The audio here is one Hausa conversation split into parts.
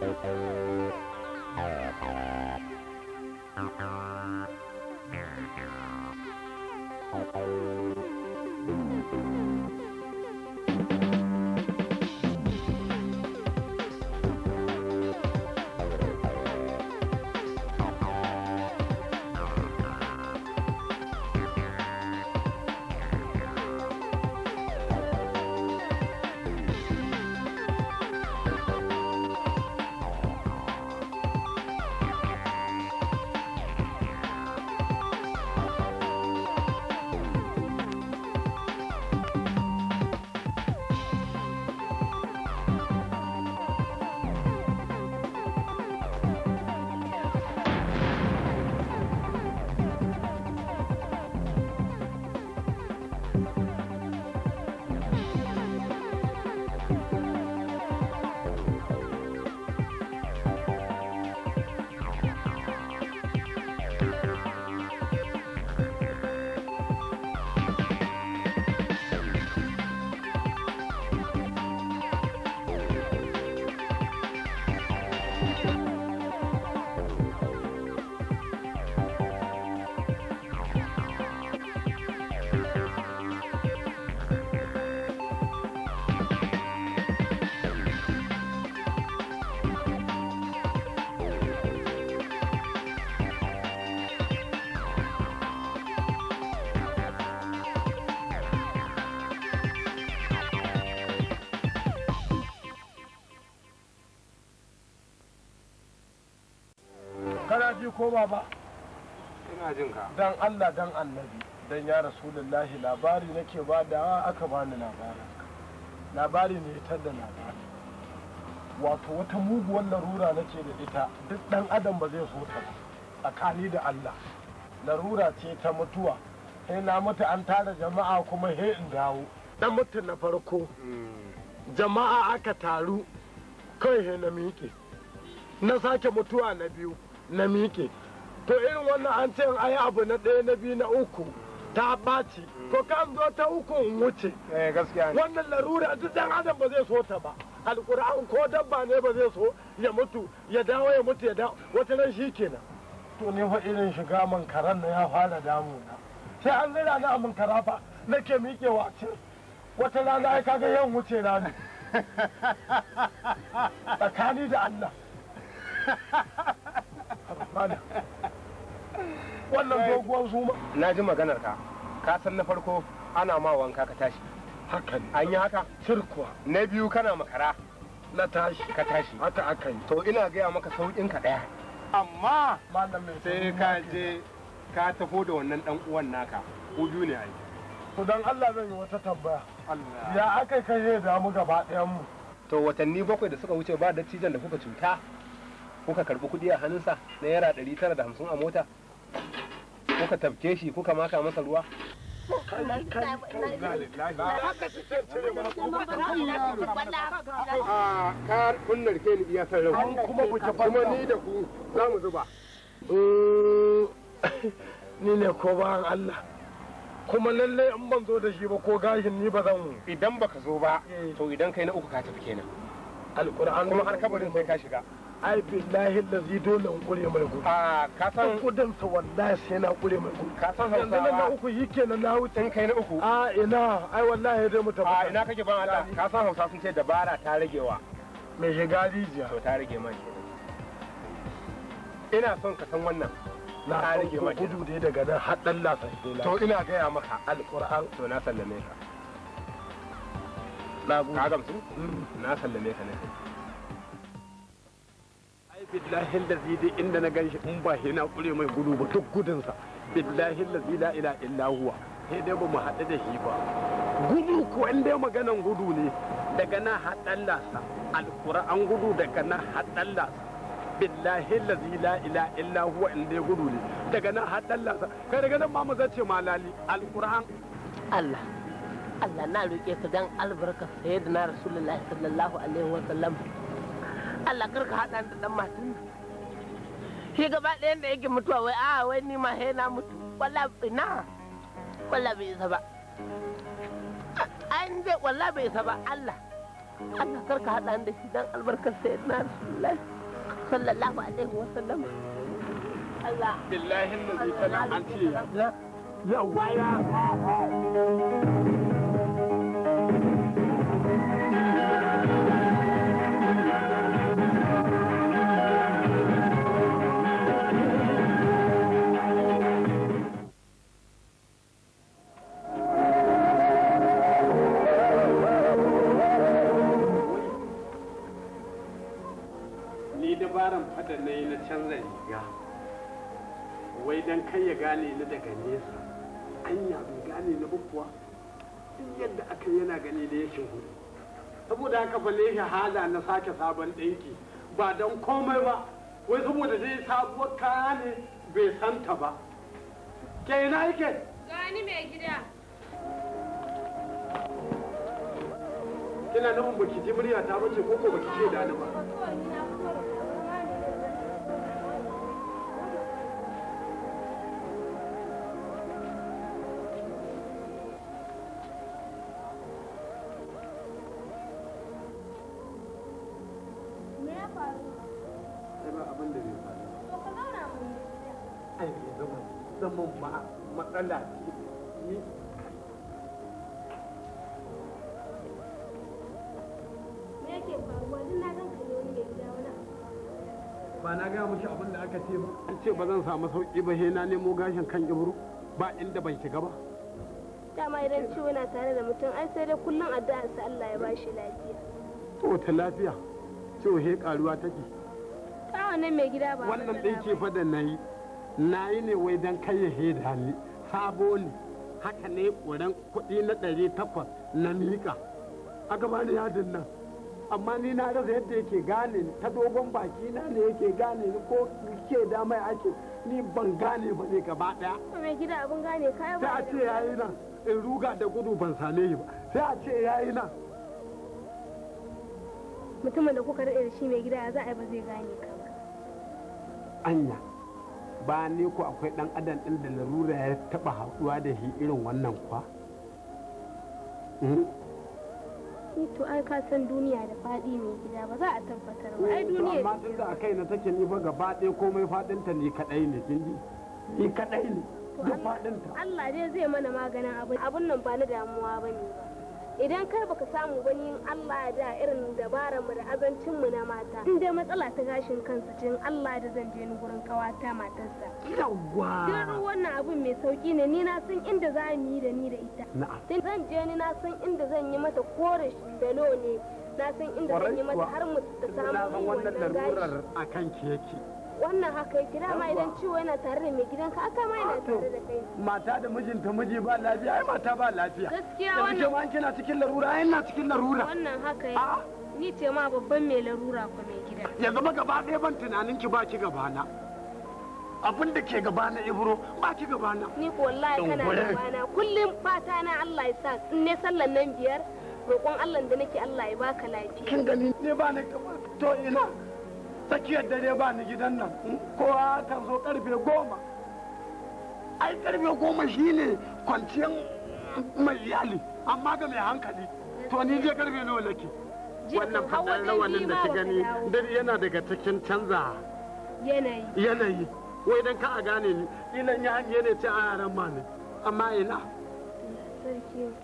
Thank you. ko ba ina jin ka dan Allah dan annabi dan ya rasulullahi labari nake ba da aka bani labarin labari ne ta da labari wato wata muguwar larura nake da ita duk dan adam ba zai so ta tsakani da Allah larura ce ta mutuwa sai na mata an tara jama'a kuma he in dawo dan mutum na farko hmm. jama'a aka taru kai he na miƙe na sake mutuwa na biyu na miƙe to irin wannan an ce ayi abu na ɗaya na biyu na uku ta ɓaci ko kan zo ta uku in wuce eh, wannan larura duk dan adam ba zai so ta ba alƙur'an ko dabba ne ba zai so ya mutu ya dawo ya mutu ya dawo wata nan shi kenan to ne fa irin shiga man karan na ya fara damuna sai an zira na min karafa nake miƙewa cin wata rana ai kaga yan wuce rani tsakani da Allah malam wannan doguwar zuma na ji maganar ka ka san na farko ana ma wanka ka tashi hakan an yi haka cirkuwa na biyu kana makara na tashi ka tashi haka akan to ina gaya maka saukin ka daya amma sai ka je ka tafi da wannan dan uwan naka ko biyu ne ai to dan Allah zan yi wata tambaya ya akai kai da mu gaba ɗayan mu to watanni bakwai da suka wuce ba da cijan da kuka cuta kuka karbi kuɗi a hannunsa naira ɗari tara da hamsin a mota kuka tafke shi kuka maka masa ruwa ka ni kuma ni ni ne ko bayan Allah kuma lalle in ban zo da shi ba ko gashin ni ba zan idan baka zo ba eh. to idan kai na uku ka tafi kenan alƙur'an kuma har kabarin sai ka shiga ai billahi lazi dole in kure mai gudu a ka san kudin sa wallahi sai na kure mai gudu ka san hausa yanzu na uku yake na na wuce kai na uku a ina ai wallahi dai mu tabbata a ina kake ban Allah ka san hausa sun ce dabara ta ragewa mai shiga rijiya to ta rage mai ina son ka san wannan na ta rage mai gudu dai daga nan har lasar. to ina gaya maka Al-Quran? to na sallame ka na gamsu mm. na sallame ka ne billahi allazi dai inda na ganshi in ba shi kure mai gudu ba duk gudunsa billahi allazi la ila illa huwa sai dai ba mu haɗu da shi ba gudu ko in dai maganan gudu ne daga na haɗan lasa alƙur'an gudu daga na haɗan lasa billahi allazi la ila illa huwa in dai gudu ne daga na haɗan lasa kai daga nan ma mu zace malali alƙur'an Allah Allah na roƙe ka dan albarka sayyidina rasulullahi sallallahu alaihi wa sallam Allah kar ka haɗa da ɗan matan shi gaba ɗayan da yake mutuwa wai a ah, wai ni ma na mutu walla ina walla bai isa ba an je walla bai isa ba Allah Allah kar ka haɗa da shi dan albarkar sayyidina Rasulullah sallallahu alaihi wa sallam Allah billahi allazi kana an ce yawwa ya saboda haka shi hala na sake sabon ɗinki ba don komai ba wai saboda zai sabuwar kaya ne bai santa ba ke ina yake gani mai gida kina nufin baki ji murya ta bace ko ko baki ce da ni ba zama matsala ce ba na gaya mushi abin da aka ce ba an ce ba zan samu sauƙi ba na nemo gashin kan ibro ba inda ban shiga ba dama idan ciwo yana tare da mutum ai sai dai kullum addu'a sa Allah ya bashi lafiya to ta lafiya ciwo he karuwa take ta wannan mai gida ba wannan din ce fa da nayi na yi ne wai don kai ya heda ni sabo ne haka ne ƙuran kudi na ɗari takwas na miƙa aka bani yadin nan amma ni na rasa yadda yake gane ta dogon baki na ne yake gane ni ko ke da mai ake ni ban gane ba ne gaba ɗaya. Mai gida abin gane kaya ba. Sai a ce yayi nan in ruga da gudu ban same yi ba sai a ce yayi nan. Mutumin da kuka daɗe da shi mai gida ya za a yi ba zai gane ka Anya. ba ne ku akwai dan adam din da larura ya taba haɗuwa da shi irin wannan kwa hmm? eh, to ai ka san duniya da faɗi mai gida ba za a tabbatar ba ai eh, duniya amma tun da akai na take ni ba gaba ɗaya komai faɗinta ni kadai ne kin ji ni kadai ne duk faɗinta Allah dai zai mana maganin abin abun nan ba na damuwa bane ba idan kar baka samu wani Allah da irin dabaran mu da azancin mu na mata in dai matsala ta gashin kansa cin Allah da zan je ni gurin kawata matarsa yawwa dan wannan abun mai sauki ne ni na san inda za mu yi da ni da ita na'am zan je ni na san inda zan yi mata kore da lo ne na san inda zan yi mata har mu ta samu wannan larurar akan ke yake wannan haka kira ma idan ciwo yana tare da mai gidanka aka ma yana tare da kai mata da mijinta miji ba lafiya ai mata ba lafiya gaskiya wannan ke ma kina cikin larura ai ina cikin larura wannan haka ya ni ce ma babban mai larura ko mai gida yanzu ba gaba ɗaya ban tunanin ki ba ki gaba na abin da ke gaba na ibro ba ki gaba na ni ko wallahi kana gaba na kullum fata na Allah ya sa in ne sallan nan biyar roƙon Allah da nake Allah ya baka lafiya kin gani ne ba na to ina tsakiyar dare ba ni gidan nan kowa kan zo karfe goma ai karfe goma shine kwanciyar mai iyali amma ga mai hankali to ni je karfe nawa nake wannan fadar rawanin da ta gani dare yana daga cikin canza yanayi yanayi wai dan ka a gane ni ilan ya hanyar ne ce a yaran ma ne amma ina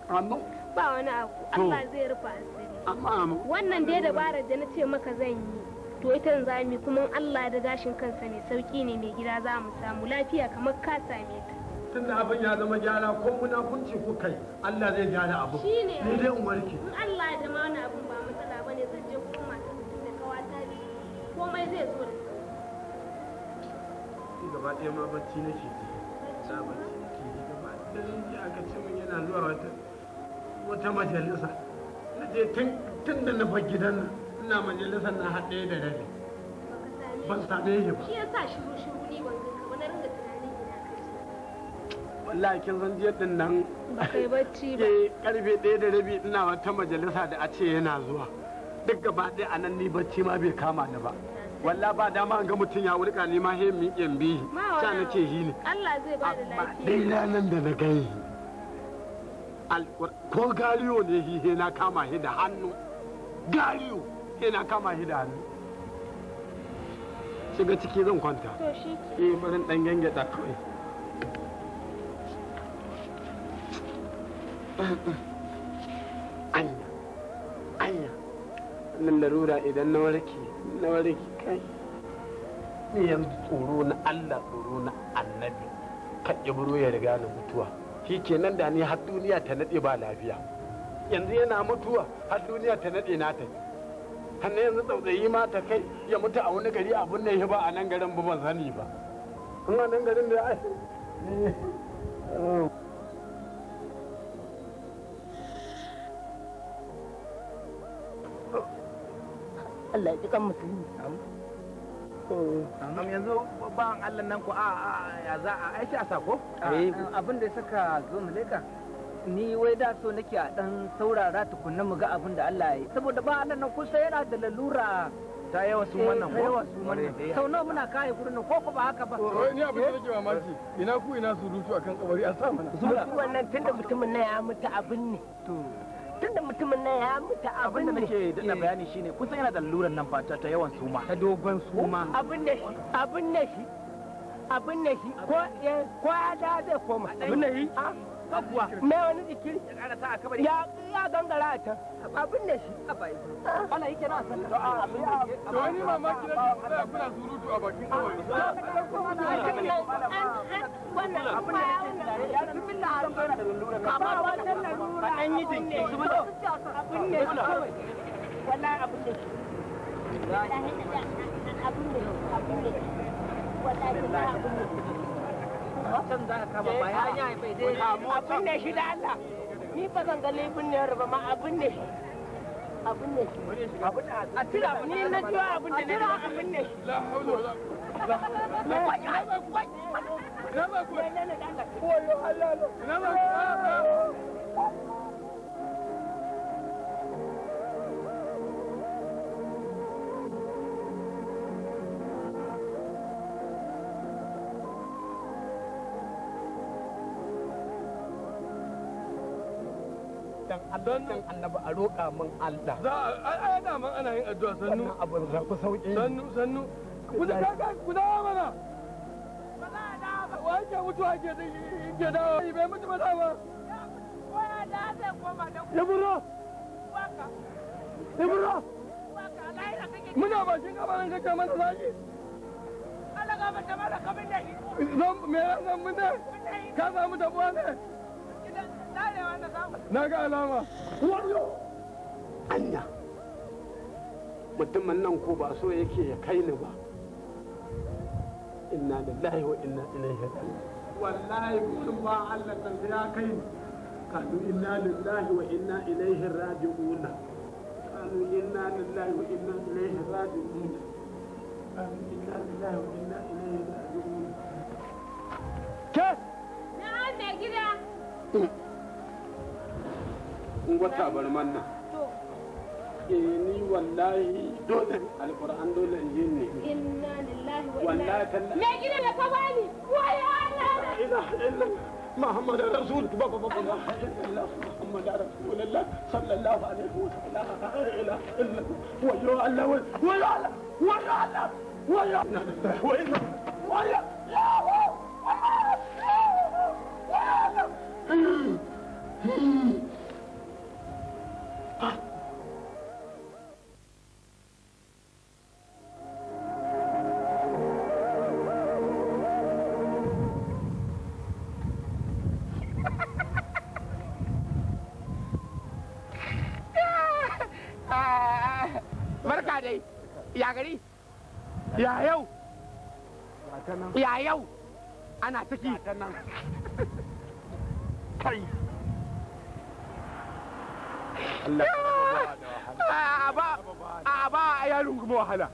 amma ba wani abu Allah zai rufa asiri amma wannan dai dabarar da na ce maka zan yi to ita za mu kuma Allah da gashin kansa ne sauki ne mai gida za mu samu lafiya kamar ka same ta tunda abin ya zama gyara ko munafunci ko kai Allah zai gyara abu ni dai in warke in Allah da ma wani abin ba matsala bane zan je kuma da kawata komai zai zo da sauki gaba ɗaya ma bacci nake ji na bacci nake ji gaba zan ji aka ce mun yana zuwa wata wata majalisa na je tun da na bar gidan nan ina majalisar na haɗe da rabi ban same shi ba shi ya yasa shiru shiru ne ban ga kamar ringa tunanin ina kace wallahi kin san jiya din nan ba kai bacci ba eh, karfe 1 da rabi ina wata majalisa da a ce yana zuwa duk gaba ɗaya anan ni bacci ma bai kama ni ba walla ba dama an ga mutum ya wurka ni ma he mi bi sha nake shi ne Allah zai ba da lafiya dai nan da na gani ko galiyo ne hi na kama shi da hannu galiyo yana kama shi da hannu shiga ciki zan kwanta to shi ke eh barin dan gange da kawai anya anya nan larura idan na warke na warke kai ni yanzu tsoro na Allah tsoro na annabi kan ibro ya riga na mutuwa shi kenan da ni har duniya ta nade ba lafiya yanzu yana mutuwa har duniya ta nade na tafi hannu yanzu tsautsayi ma ta kai ya mutu a wani gari abin da ya ba a nan garin ba ban sani ba kuma nan garin da ai Allah ya ji kan musulmi Am yanzu ba an Allah nan ko a ya za a aishi a sako? Eh. Abin da ya saka zo mu leka? ni wai da so nake a dan saurara tukunna mu ga abin da Allah ya yi saboda ba Allah nan kusa yana da lalura ta yawa su eh, wannan ko yawa su wannan eh. sau nawa muna kai gurin ko ko ba haka ba ni abin da nake mamaki ina ku ina su rusu akan kabari a sa mana wannan tunda mutumin nan ya mutu abin ne to tunda mutumin nan ya mutu abin ne. da nake dana eh. bayani shine kusa yana da laluran nan fata ta yawan suma ta dogon suma oh, abin ne shi abin ne shi abin ne shi ko ya da zai koma abin ne shi ah. mai wani jikiri ya ya gangara a can abin da shi yake na san da to wani da kuna a bakin kawai wannan abin da yake ya rubin da da lura ka ba wannan lura yi abin da abin da shi abin da abin da abin da watan za ka abin shi da Allah ni ba zan ga laifin ne ba ma abin ne shi abin ne shi a tira abin ne na jiwa abin ne abin ne shi la haula sannan annabi a roƙa Allah za a ana yin addu'a sannu za ku sannu sannu ku da ku da mana da da bai mutu ba da ba ya mana zaki Allah ga mata kabin da zan me zan mun da ka samu ne naga alama wallo anya mutumin nan ko ba so yake ya kai ni ba inna lillahi wa inna ilaihi raji'un wallahi kullum ba Allah ta ya kai ni kanu inna lillahi wa inna ilaihi raji'un kanu inna lillahi wa inna ilaihi raji'un kanu inna lillahi wa inna ilaihi raji'un ke na'am mai gida mm. in wata barman nan ke ni wallahi dole alquran dole in yin ne inna lillahi wa inna ilaihi me gida da ka bani wai Allah ila illa محمد رسول بابا بابا لا اله الا محمد رسول الله صلى الله عليه وسلم لا اله الا ويا الله ويا الله ويا الله ويا ويا ويا يا ويا الله barka ya gari ya yau ya yau ana kai a ba da wahala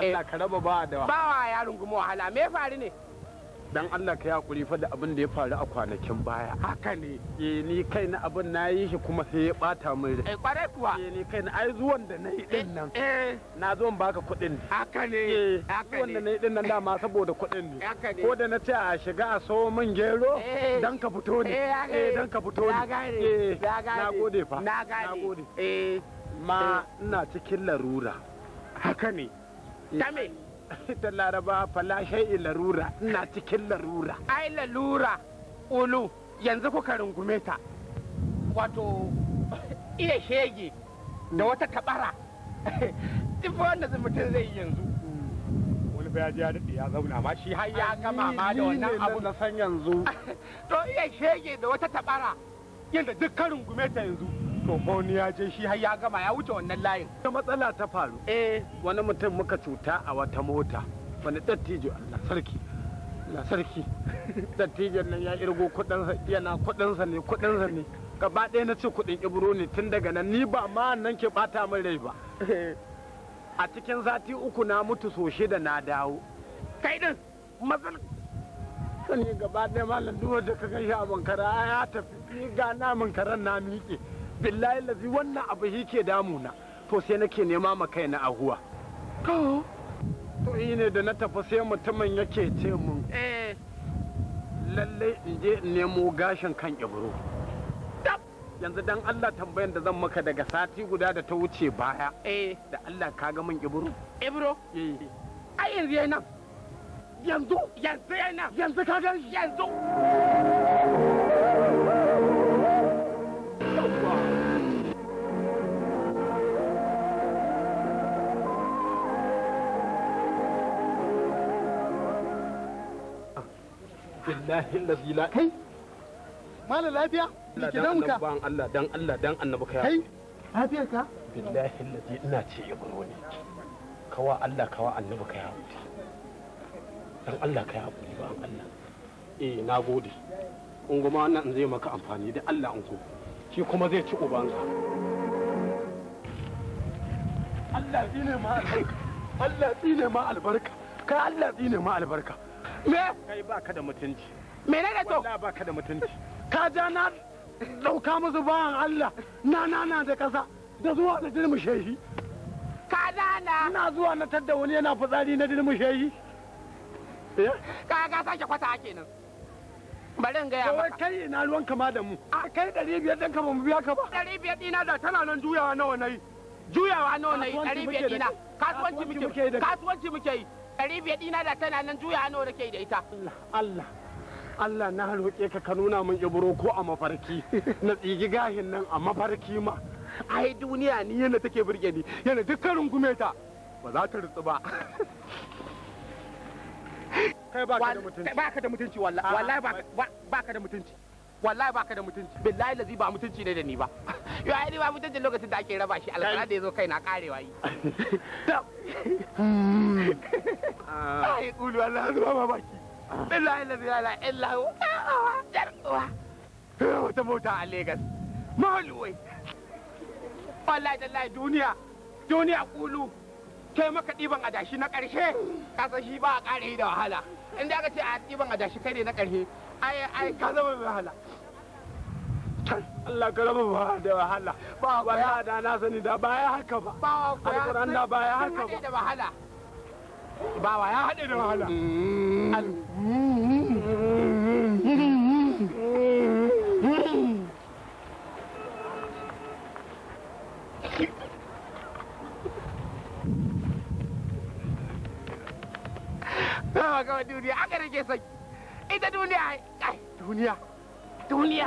eh. ba wa yaron kuma wahala me faru ne dan Allah ka yakuri fa da abin da ya faru a kwanakin baya haka ne E, ni kai na abin na yi shi kuma sai ya bata min rai eh kwarai kuwa E, ni kai na ai zuwan da na yi din nan eh, eh na zo in baka kuɗin haka ne zuwan da na yi din nan dama saboda kuɗin ne haka ne ko da na ce a shiga a sawo min gero dan ka fito ne eh dan ka fito ne na gode fa na gode eh ma ina cikin larura haka ne ta me ta laraba fala shai'i larura ina cikin larura ai larura ulu yanzu kuka rungume ta wato iya shege da wata tabara tufa wanda mutum zai yi yanzu wani ya ji ya daɗe ya zauna ma shi har ya gama ma da wannan abu na san yanzu to iya shege da wata tabara yadda duk karin gume ta yanzu tsofo ni ya je shi har ya gama ya wuce wannan layin Da matsala ta faru eh wani mutum muka cuta a wata mota wani dattijo Allah sarki Allah sarki dattijon nan ya irgo kudin yana kudin sa ne kudin sa ne gaba ɗaya na ce kudin ibro ne tun daga nan ni ba ma nan ke bata min rai ba a cikin sati uku na mutu so shida na dawo kai din mazal kan gaba ɗaya malam duwar da ka gan shi a bankara ya tafi ga namun karan na miƙe billahi lazi wannan abu shi ke damuna to sai nake nema ma kai na ahuwa to to ne da na tafi sai mutumin yake ce mun eh lallai in je in nemo gashin kan ibro yanzu dan Allah tambayan da zan maka daga sati guda da ta wuce baya eh da Allah ka ga min ibro ibro eh ai yanzu yana yanzu yanzu yana nan yanzu ka ga yanzu lillahi allazi la kai mala lafiya ki dan ka ban Allah dan Allah dan annabi kai kai lafiya ka billahi allazi ina ce ibro ne kawa Allah kawa annabi kai hakuri dan Allah kai hakuri ba Allah eh na gode unguma wannan zai maka amfani da Allah ungo shi kuma zai ci ubansa Allah dine ma Allah dine ma albarka kai Allah dine ma albarka me kai baka da mutunci menene to wallahi baka da mutunci ka ja na dauka musu bayan Allah na na na da kasa da zuwa da dirmushe shi ka ja na ina zuwa na tadda wani yana fitsari na dirmushe shi eh? ka ga sake kwata kenan bari in ya maka kai ina ruwan kama da mu a kai 500 din ka ba mu biya ka ba 500 dina da tana nan juyawa nawa nayi juyawa nawa nayi 500 dina kasuwanci muke kasuwanci muke yi 500 dina da tana nan juyawa nawa nake da ita Allah Allah Allah na roƙe ka ka nuna min ibro ko a mafarki na tsigi gahin nan a mafarki ma ai duniya ni yana take burge ni yana dukkan rungume ta ba za ta rutsu ba kai ka da mutunci ka da mutunci wallahi wallahi ka da mutunci wallahi ka da mutunci billahi lazi ba mutunci ne da ni ba yo ai ba mutunci lokacin da ake raba shi alƙara da yazo kai na karewa yi ai Allah wallahi zuwa baki billahi la ilaha illa hu yar uwa wata mota a Legas mahaluwai wallahi tallahi duniya duniya kulu kai maka ɗiban adashi na ƙarshe kasa ba a ƙare da wahala in da aka ce a ɗiban adashi kai ne na ƙarshe ai ai ka wahala Allah ka raba da ba ba da na sani da ba ya haka ba bawa ya haɗe da wahala ga duniya aka rike sai ita duniya duniya duniya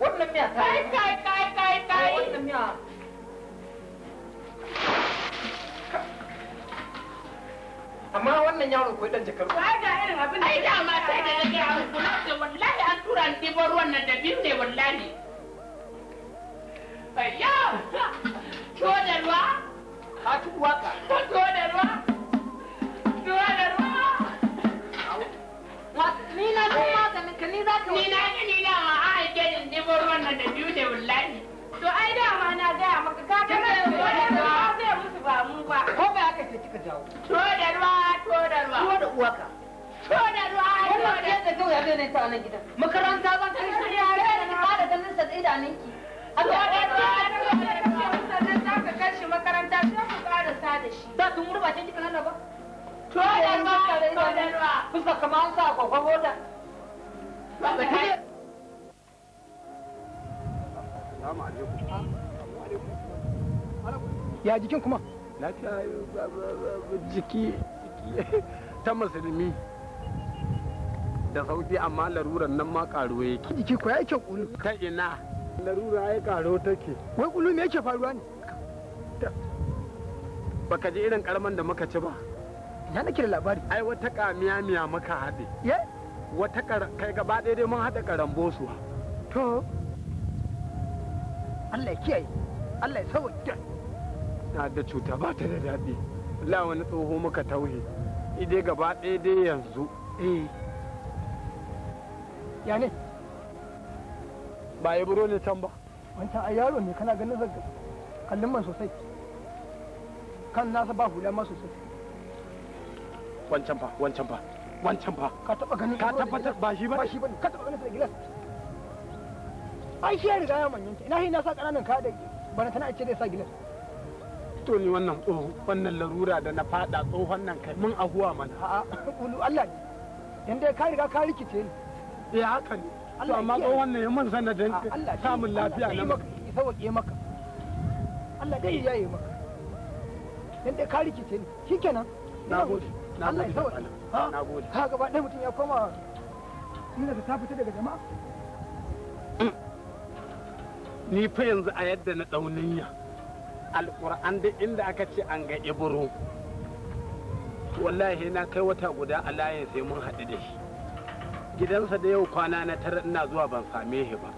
Wannan miya ta yi. Kai kai kai kai. Wannan miya. Amma wannan yaro ko dan jakar. Ai ga irin abin da. Ai da ma sai da nake a kula da wallahi an tura ni ɗebo ruwan nan da biyu ne wallahi. Ayya! Tuwo da ruwa? Ka tuwa ka. Tuwo da ruwa? Tuwo da ruwa? Ni na tuwa ka ni za ka. Ni na ni na ɗibo ruwan nan da biyu ne wallahi. To ai dama na gaya maka ka ga da ruwa da ruwa zai musu ba mu ba. Ko ba haka sai kika jawo. To da ruwa to da ruwa. To da uwaka. To da ruwa to da. Wannan da kawai abin ne ta nan gidan. Makaranta ban kai shirya ne ba da ganin sa idanunki. To da ruwa to da ruwa. Sannan za ka kai shi makaranta sai ku sa da shi. Da tun murbace kika nan ba. To da ruwa to da ruwa. Kusa kamar sa kwakwabo da. Ba ta ba ya jikin kuma lafiya jiki ta musulmi da sauki amma larurar nan ma karo yake jiki ko ya yake kulu ta ina larura ya karo take wai kulu me yake faruwa ne baka ji irin karman da muka ci ba ya nake da labari ai wata kamiya miya maka haɗe ye wata kai gaba ɗaya dai mun haɗa karambosuwa to Allah ya kiyaye Allah ya sauke na da cuta ba ta da daɗi Allah wani tsoho muka tauhe idai gaba ɗaya dai yanzu eh ya ne ba ya buro ne can ba wancan a yaro ne kana ganin zaga kallon man sosai kan nasa ba hula ma sosai wancan fa wancan fa wancan fa ka taba ganin ka tabbatar ba shi ba ka taba ganin sa gilas ai shi ya riga ya manyanta ina shi na sa ƙananan ka da bana tana ce zai sa gilas to ni wannan tsohon wannan larura da na fada tsohon nan kai mun ahuwa mana. a'a ulu Allah ne dan dai ka riga ka rikice ni eh haka ne to amma tsohon nan mun sanadin samun lafiya na maka sauke maka Allah dai ya yi maka dan dai ka rikice ni shikenan nagode nagode Allah ya sauke ha nagode ka gaba ɗaya mutum ya koma ina ta fita daga jama'a ni fa yanzu a yadda na ya. alƙur'an duk inda aka ce an ga iburu wallahi na kai wata guda a layin sai mun haɗu da shi gidansa da yau kwana na tara ina zuwa ban same shi ba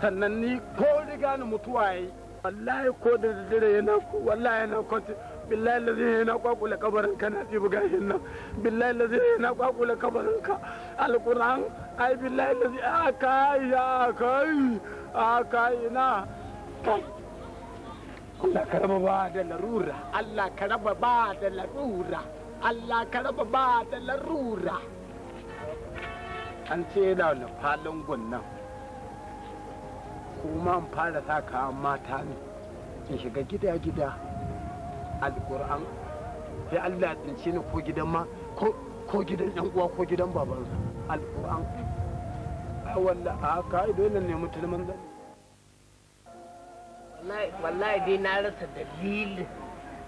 sannan ni ko riga ni mutuwa yi wallahi ko da dare yana wallahi yana kwanci billahi lazi yana kwakula kabarin ka na tsibu gashin nan billahi lazi yana kwakula kabarin ka al'kur'an ai billahi lazi aka ya kai a kaina kai Allah ka raba ba da larura Allah ka raba ba da larura Allah ka raba ba da larura an ce yana da falon gwannan kuma an fara sa kayan mata ne in shiga gida-gida alkur'an sai Allah ya tsinci ni ko gidan ma ko gidan yan uwa ko gidan babansa alkur'an walla a kai dole ne mutum manzan wallahi dai na rasa dalilin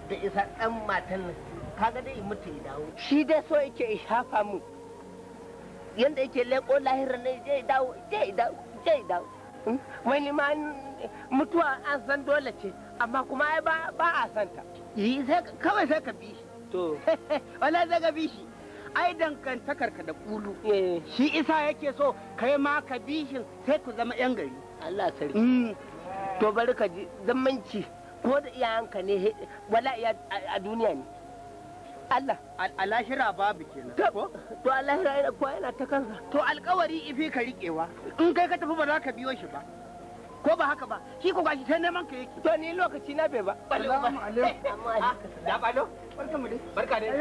da isa dan matan nan kaga dai mutu ya dawo shi dai so yake ya shafa mu yanda yake leƙo lahira ne zai dawo zai dawo zai dawo wani hmm? ma mutuwa an san dole ce amma kuma ba a santa yi kawai sai ka bi shi to wala sai ka bi shi ai dangantakar ka da kulu eh. shi isa yake so kai ma ka bishin sai ku zama yan gari Allah sarki mm. to bari ka ji zamanci ko da iyayenka ne wala iya a duniya ne Allah alahira babu kenan ko to alahira ina ko yana ta kansa to alkawari ifi ka riƙewa in kai ka tafi ba za ka biyo shi ba ko ba haka ba shi ko gashi sai neman ka yake to ni lokaci na bai ba ballo ba da ah, balo barka mu dai barka dai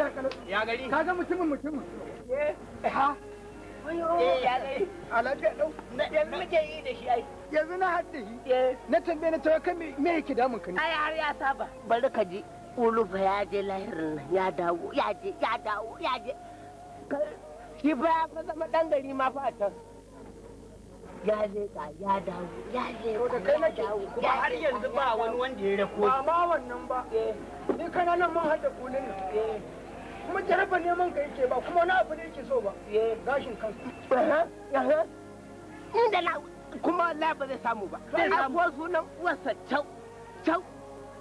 ya gari ka ga mutumin mutumin eh ha yanzu na haɗe shi eh. na tambaye na tawaka me yake damun ka ne ai har ya saba bari ka ji ulufa ya je lahirin nan ya dawo ya je ya dawo ya je shi ba ya fa zama dan gari ma fa a can ya ka ya dawo ya ka ya dawo kuma har yanzu ba wani wanda ya rako ba ma wannan ba eh. ni kana nan mun hada kulin nan eh. kuma jaraba neman ka yake ba kuma wani abu ne yake so ba eh. gashin kansa inda na kuma Allah ba zai samu ba zai samu sunan wasa cau cau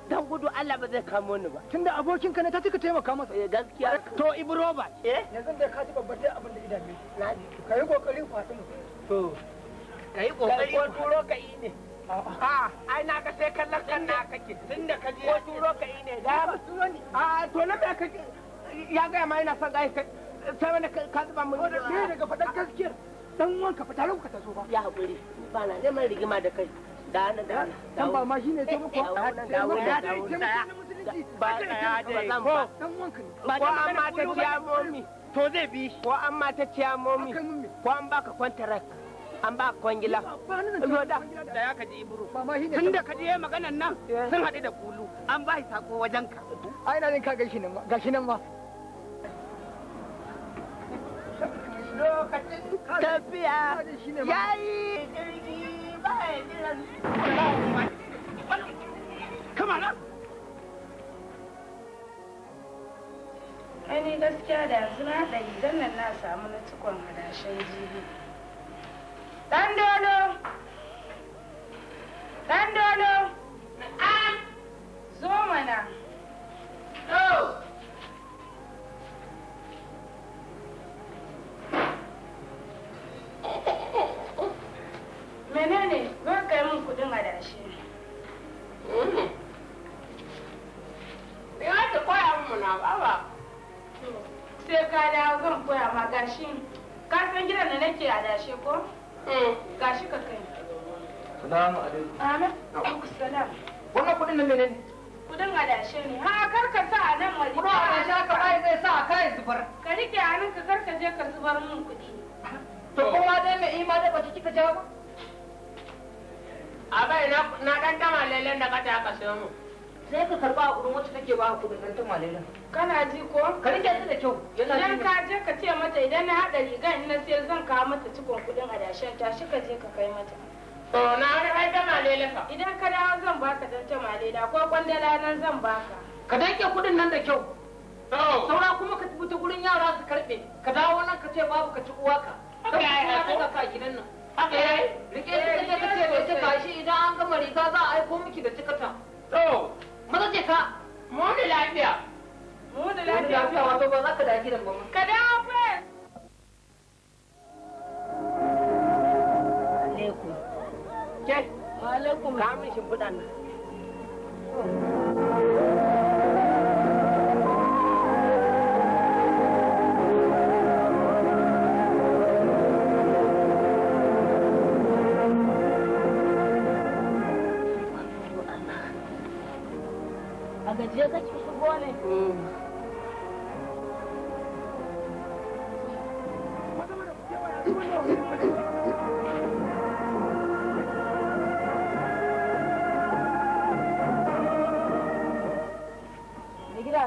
dan gudu Allah ba zai kamo ni ba tunda abokin ka ne ta tuka taimaka masa eh gaskiya to ibro ba eh yanzu da ka ji babbar abin da idame na ji kai kokari ku to kai kokari ko turo ka yi ne a ai ka sai kallon kan na kake ka je ko turo ka yi ne da ba turo ni a to na me kake ya ga ma ina son zai sai wani ka zuba mun ne daga fadan gaskiyar dan uwan ka fita ka taso ba ya hakuri ba na neman rigima da kai da ana da eh, dan ba ma shine ta muku a eh, dawo da dawo da ba ya dai ko dan uwan ka ba da amma ta ciya momi to zai bi ko amma ta ciya momi ko an baka kwantarak an ba kwangila roda da ya kaji iburu tun da kaji ya maganan nan sun haɗu da kulu an ba shi sako wajen ka ai na ka gashi nan ma gashi nan ma tafiya yayi ba ya jiran kama nan ni gaskiya da yanzu na ɗari don nan na samu na cikon hadashen jibi. Landolo! Landolo!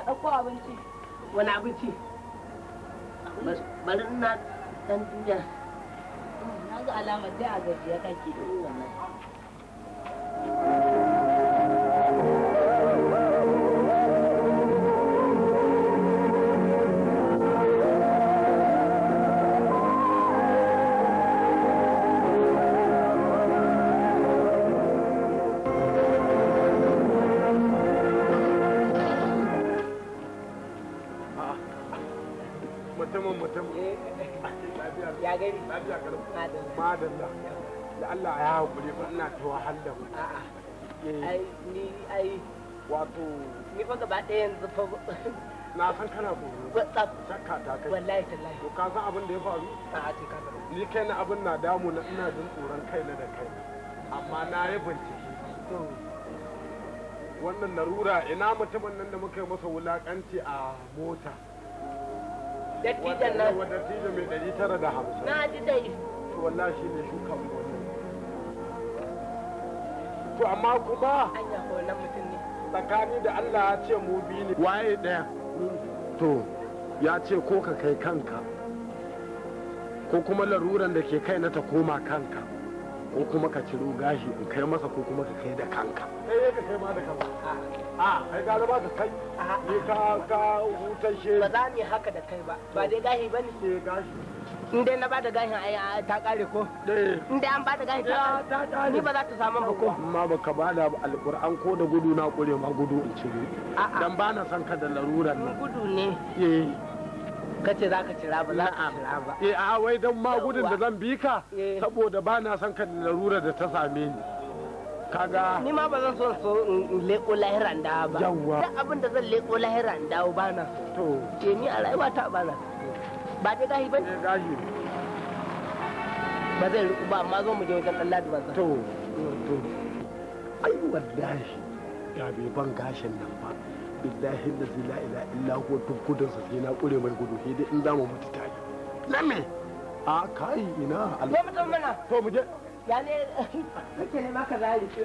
ɗauko abinci wani abinci bari na ɗan duniya na ga alamar da a gajiya kake wannan ɗaya yanzu fa na san kana koyo whatsapp shakka ta kai wallahi tallahi to ka san abin da ya faru a ce ka san ni kai na abin na damu na ina jin tsoron kai na da kai amma na yi bincike to wannan larura ina mutumin nan da muka yi masa wulakanci a mota dattijan nan wadda dattijan mai ɗari tara da hamsin na ji dai to wallahi shi ne shukan mota to amma kuma an yako wannan mutum ne tsakani da Allah ya ce mu biyu ne waye ɗaya to ya ce ko ka kai kanka ko kuma laruran da ke kai na ta koma kanka ko kuma ka ciro gashi in kai masa ko kuma ka kai da kanka eh ka kai ma da kanka a ah, kai ga ba ka kai ni ka ka hutashe ba za ni haka da kai ba ba dai gashi bane eh gashi in dai na bada gashin ai ta kare ko eh. in dai an bada gashin ta kare ni ba za ta samu ba ko amma baka bada alquran ko da gudu na kure ma gudu in ci dan ba na san ka da laruran nan gudu ne eh ce za ka cira ba za ka cira ba eh a wai dan ma gudun da zan bi ka eh. saboda ba na san ka da larura da ta same ni kaga ni ma ba zan so so in leko lahiran da ba yawa duk abin da zan leko lahiran dawo ba na to ke eh, ni a rayuwa ta ba na ba dai gashi ba eh, ba zai riku ba amma zo mu je wajen dan ladi ba to to ai wallahi ya bai ban gashin nan ba billahi la ila illa huwa sa sai na kure mai gudu sai in mutu tare a kai ina mu to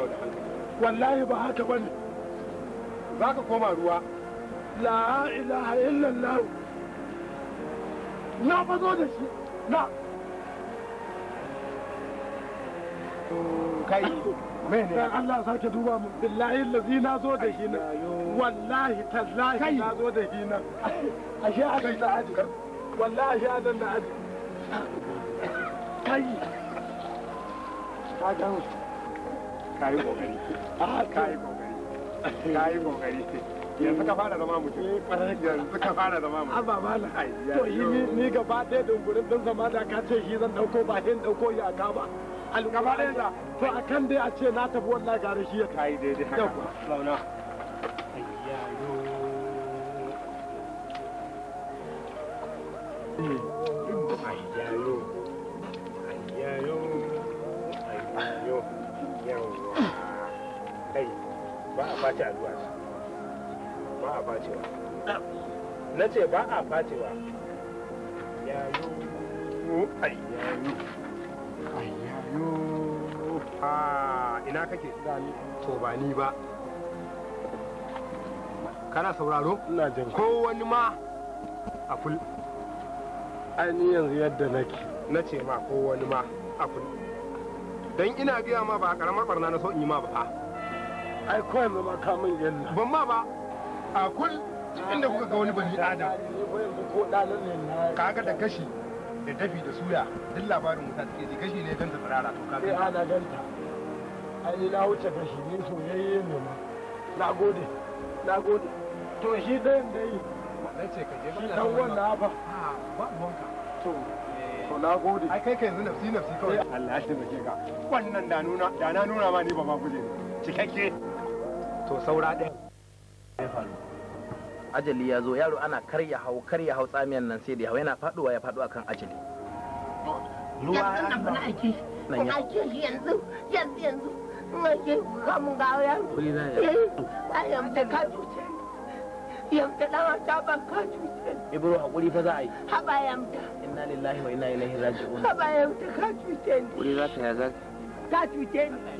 yawo bane za ka koma ruwa la ilaha illallah na fazo da shi na kai mene dan Allah sake duba mu billahi allazi na na zo da shi na ashe a wallahi ka ka yi kokari ah, ka yi kokari ka yi kokari yanzu ka fara zama mutum eh, yanzu ka fara zama mutum amma ba na to yi ni gaba ɗaya dungurin din zama da ka ce shi zan dauko ba hin dauko ya ka ba gaba ɗaya da to a kan dai a ce na tafi wallahi gari shi ya ka yi daidai haka zauna Hmm. ba a face ba a facewa na ce ba a facewa yayo ayyayo ayyayo ina kake to ba ni ba kana sauraro ina jin ko wani ma a ful ni yanzu yadda nake na ce ma ko wani ma a ful don ina biya ma ba karamar barna na so in yi ma ba ai ko yanzu ma ka min ban ma ba a kul inda kuka ga wani bani adam kaga da kashi da dafi da suya duk labarin wuta take ji kashi ne ganta tsirara to kaga sai ana ganta ai na wuce kashi ne soyayye ne ma na gode na gode to shi dan da yi na ce ka je ba da wannan ba ba ruwanka to eh. to na gode ai kai ka yanzu nafsi nafsi kawai Allah ya taimake ka wannan da nuna da na nuna ma ni ba ma guje cikakke to saura ɗaya ajali ya zo yaro ana karya hau karya hau tsamiyan nan sai da hau yana faduwa ya faɗo akan ajali ruwa na ake shi yanzu yanzu yanzu na ke kamun ga yaro eh, yamta ka cuce yamta dama ta ban ka cuce ibro hakuri fa za a yi haba yamta inna lillahi wa inna ilaihi raji'un haba yamta ka cuce ni kuri za ta ya za ta cuce ni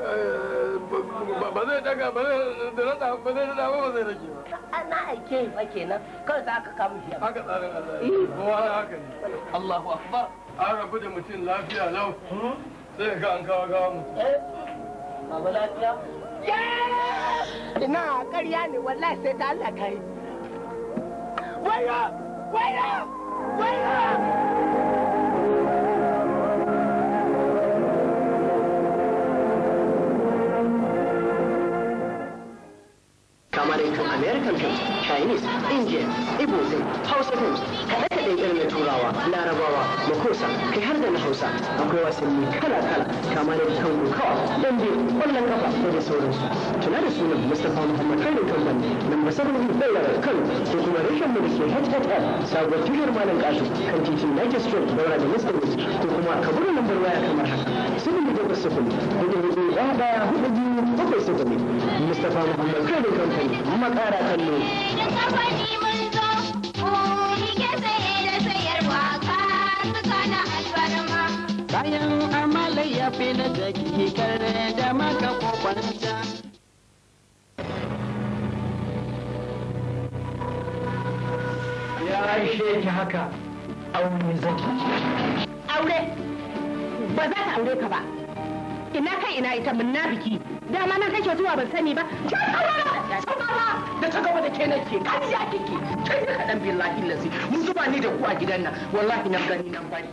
Eh, ba zai daga ba zai rada ba zai ba zai rage ba aike ba kenan kawai ka kama shi haka tsarin Allah hmm. haka ne Allahu akbar an rabu da mutum lafiya lau hmm. sai an kawo gawa mu eh, lafiya ina ƙarya ne wallahi sai Allah kai American Chinese, Indian, Igbo Hausa films, kaɗe-kaɗe irin na Turawa, Larabawa, Makosa, kai har da na Hausa. Akwai wasanni kala-kala, kama da kan kokawa, dambe, ƙwallon kafa ko da sauransu. Tuna da sunan Mustapha Muhammad Kano Kamfani, namba 7 Bayar Kano, ko kuma rashin mu da ke HHL, sabuwar tashar Malam Kato, kan titin united Street, Daura da Mr. ko kuma kaburin lambar waya kamar haka. Sifili takwas sifili, hudu hudu, ɗaya ɗaya, hudu biyu, su gani mustapha muhammad kai kamfani makara kallo bayan amala ya fi na zaki kare da maka kwakwanta. Ya ishe ki haka aure zaki. Aure? Ba za ta aure ka ba. ina kai ina ita munafiki dama na kake zuwa ban sani ba ba da ta gaba da ke nake kan ya kike kai ka dan billahi lazi mun zuba ni da ku a gidan nan wallahi na gani nan bari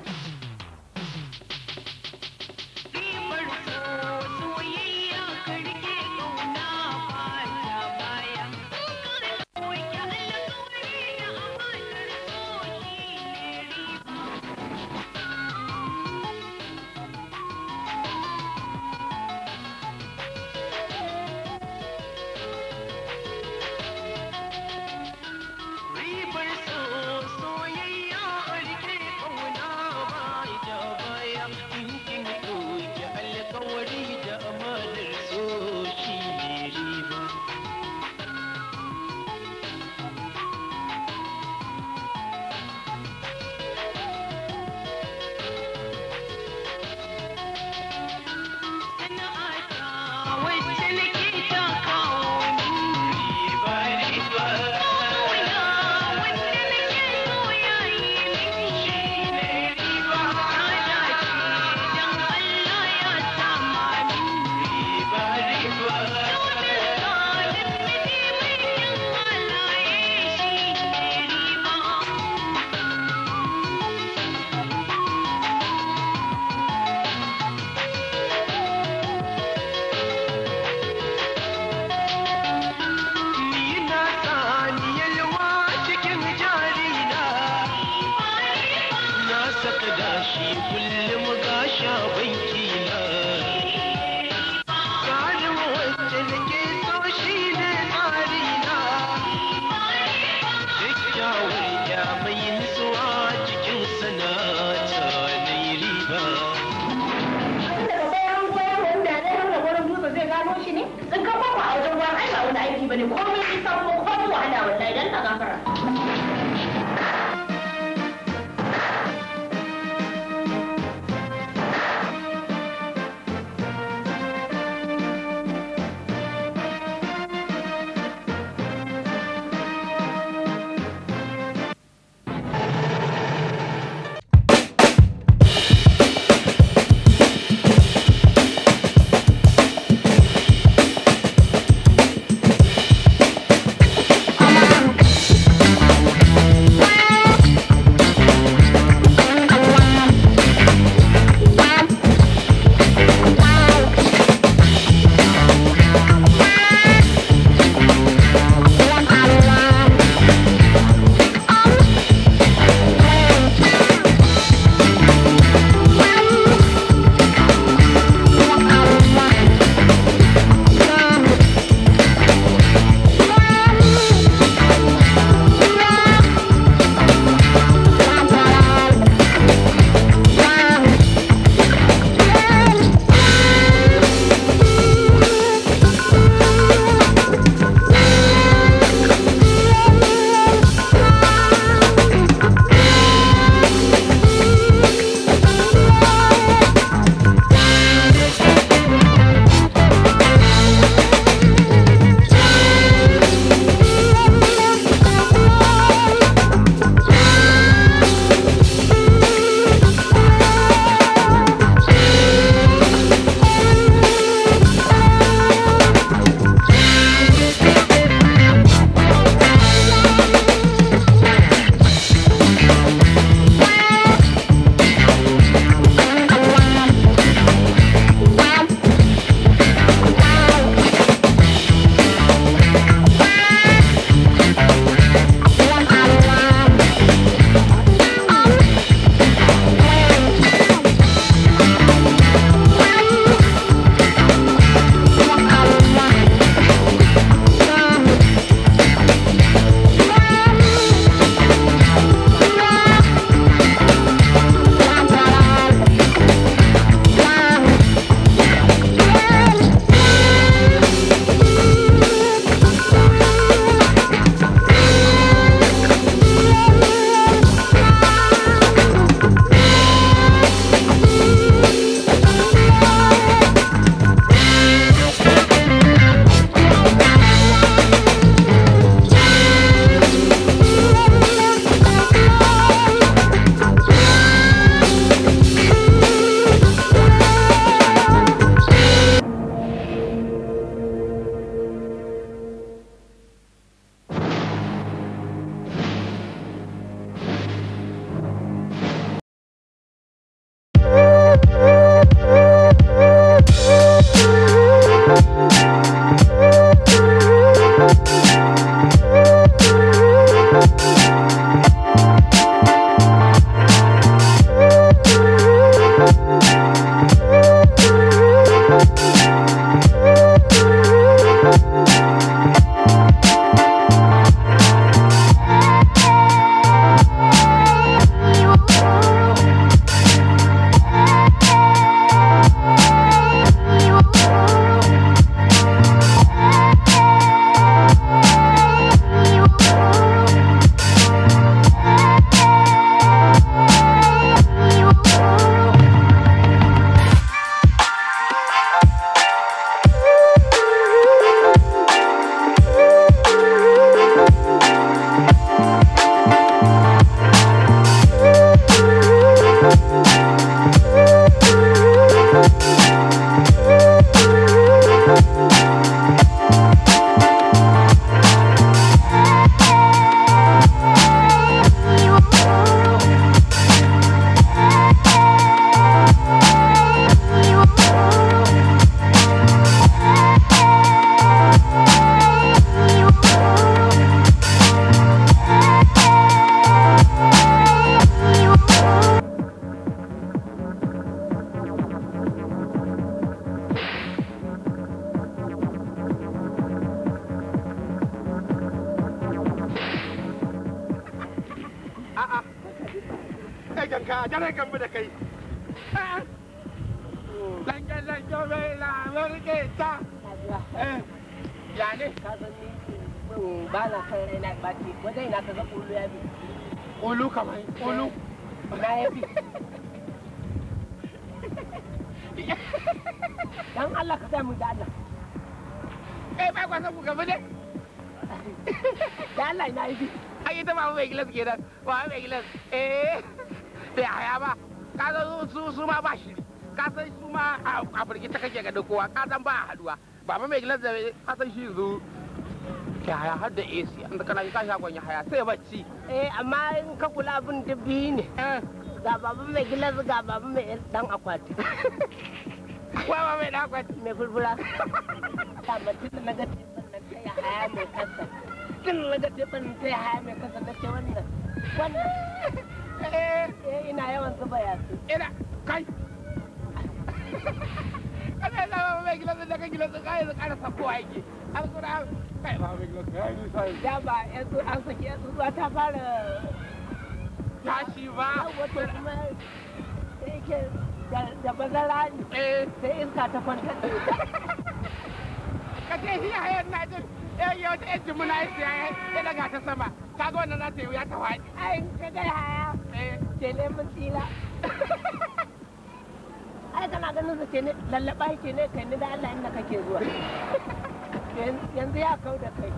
kaga su su ma ba shi ka san su ma a firgita kake ga kowa ka san ba haduwa baba mai gilas da ka san shi zu ke haya har da AC an da kana ka shagon ya haya sai bacci eh amma in ka kula abin dubbi ne ga baba mai gilas ga baba mai dan akwati wawa mai dan akwati mai furfura tabbatin na ga tebban nan ta ya haya mai kasa tun na ga tebban ta ya haya mai kasa na ce wannan wannan Eh, ina yawan zuba yatsu ina kai ba mai da kan kai su an kai ba mai kai ni sai da ba yanzu an saki yanzu zuwa ta fara tashi ba kuma da bazara eh. sai iska ta ka ce hiya hayar na jin eh, yau ta muna yi siya ya daga ta sama kaga wannan ta yi wuya ta ai ka haya Eh, tele ai kana ganin su tele lallaba ne kai ni da Allah inda kake zuwa yanzu ya kau da kai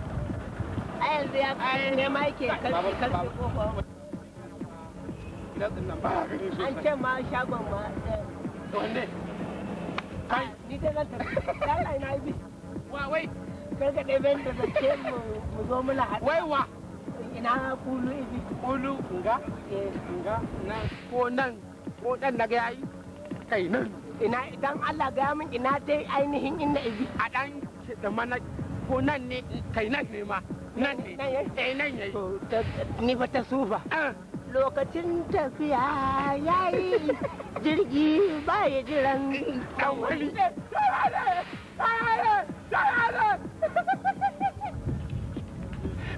a' yanzu ya kai ne ma yake kalbi kalbi kofa an ce ma shagon ma eh. wande kai ah, ni da zan tafi bi wa wai da mu zo muna haɗu wai wa ina kulu nga eh, nga na ko nan ko dan na ga yayi kai nan ina idan Allah ga min ina dai ainihin inda ibi? a dan da mana ko nan ne kai nan ne ma nan ne eh nan yayi ni fa sufa eh. lokacin tafiya yayi jirgi ba ya jiran kawai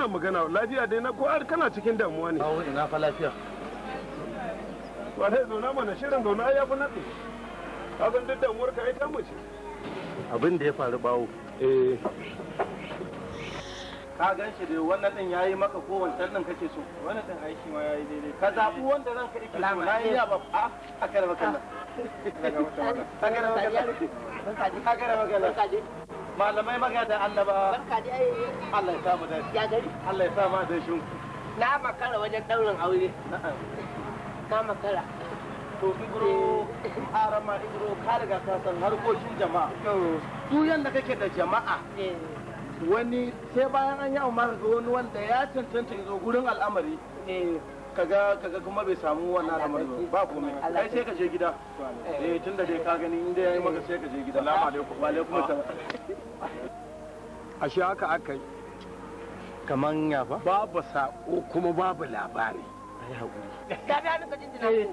wannan magana lafiya dai na ko kana cikin damuwa ne awo ina fa lafiya wadai zauna mana shirin zauna ya fi natsi Abin duk damuwar ka ta mace abin da ya faru bawo eh ka gan shi dai wannan din yayi maka ko wancan din kake so wannan din ai shi ma yayi daidai ka wanda ranka yake so na yi ba a a kare maka kare maka kare maka malamai magada annaba Allah ya samu dai ya gari Allah ya samu dai shin na makara wajen daurin aure na makara to igro harama eh. igro ka riga ka san harkokin jama'a su yanda kake da jama'a eh. wani sai bayan an yi amma ga wani wanda ya cancanta ya zo gurin al'amari eh. kaga kaga kuma bai samu wannan al'amari ba komai kai sai ka je gida eh tunda dai ka gani inda yayi maka sai ka je gida assalamu ku wa kuma ah. ta ashe haka aka yi kaman ya fa babu sako kuma babu labari ai hakuri da da ka jinjina eh.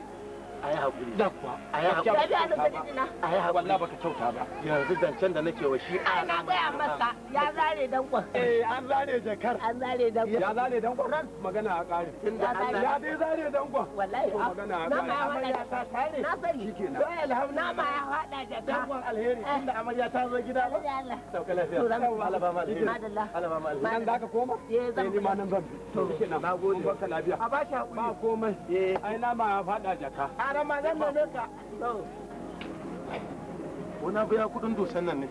a yi haƙuri da a yi haƙuri a yi haƙuri baka kyauta ba yanzu zancen da nake wa shi a na gaya masa ya zare dankon eh an zare jakar an zare dankon ya zare dankon ran magana a ƙare ya dai zare dankon wallahi magana a ƙare amarya ta tare na sani shikenan to alhamdulillah ma ya hada jaka alheri eh. tunda amarya ta zo gida ba sauka lafiya Allah ba ma alheri Allah ba ma nan koma eh ni ma nan to shikenan nagode lafiya a ba shi haƙuri ba komai eh ai na ma ya fada jaka nan ma zan neme ka wani abu ya kudin dusan nan ne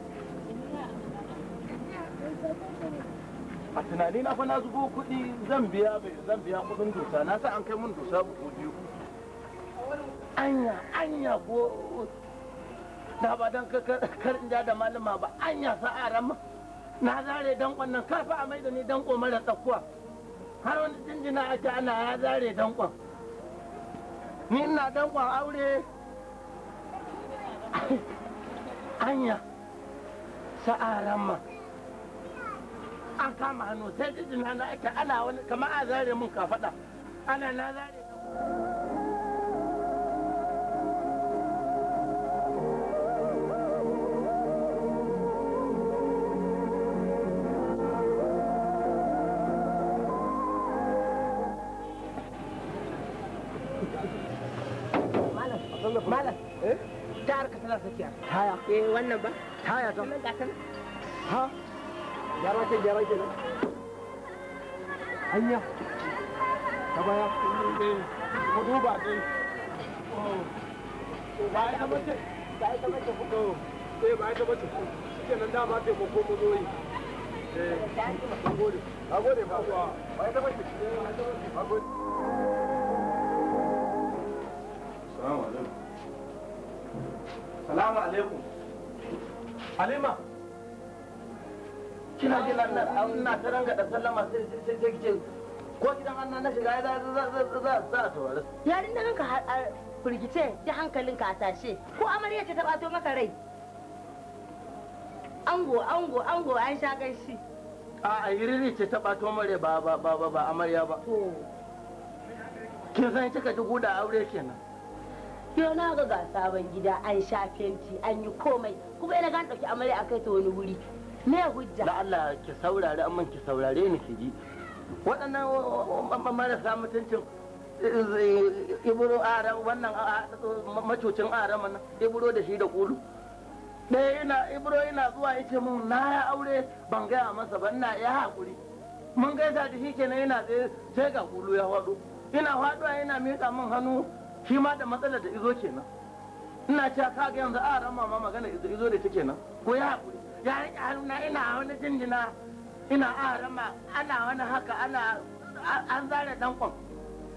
a tunani na fa na zubo kudi zan biya bai zan biya kudin dusa na sa an kai mun dusa ko biyu anya anya ko da ba dan kar in ja da malama ba anya sa'a rama na zare dan wannan kafa a mai da ni dan mara tsakuwa har wani jinjina ake ana ya zare dan ni ina dankon aure anya sa'arama an kama hannu sai jijina na ake ana wani kama a zare mun ka faɗa ana na zare tana taya eh wannan ba taya gatan ha gyara ke gyara ke nan hanya baya ku duba ba mace ba mace eh ba mace nan mu yi eh gode gode ba ba mace gode halima kina ji nan ina ta ranga da sallama sai sai sai kice ko gidan annan na shiga za za za za tawar yarin da kanka har firgice ta hankalinka a tashe ko amarya ta taba to maka rai ango ango ango an sha gaishe a a yiriri ce ta bato mare ba ba ba ba amarya ba kin san kika ji guda aure kenan yau na ga ga sabon gida an sha fenti an yi komai kuma ina gan dauki a akai ta wani wuri me hujja Na Allah ki saurare amma ki saurare ni ki ji waɗannan sa mutuncin eh, eh, iburo ara wannan macocin ara mana iburo da shi da kulu ɗaya ina ibro ina zuwa yace mun na ya aure ban gaya masa ban na ya haƙuri mun gaisa da shi kenan ina sai ga kulu ya faɗo ina faɗuwa ina miƙa min hannu shi ma da matsalar da izo kenan ina cewa ka ga yanzu a ran ma magana izo izo da take nan ko ya ya rike hannuna ina wani jinjina ina a rama ana wani haka ana an zare dankon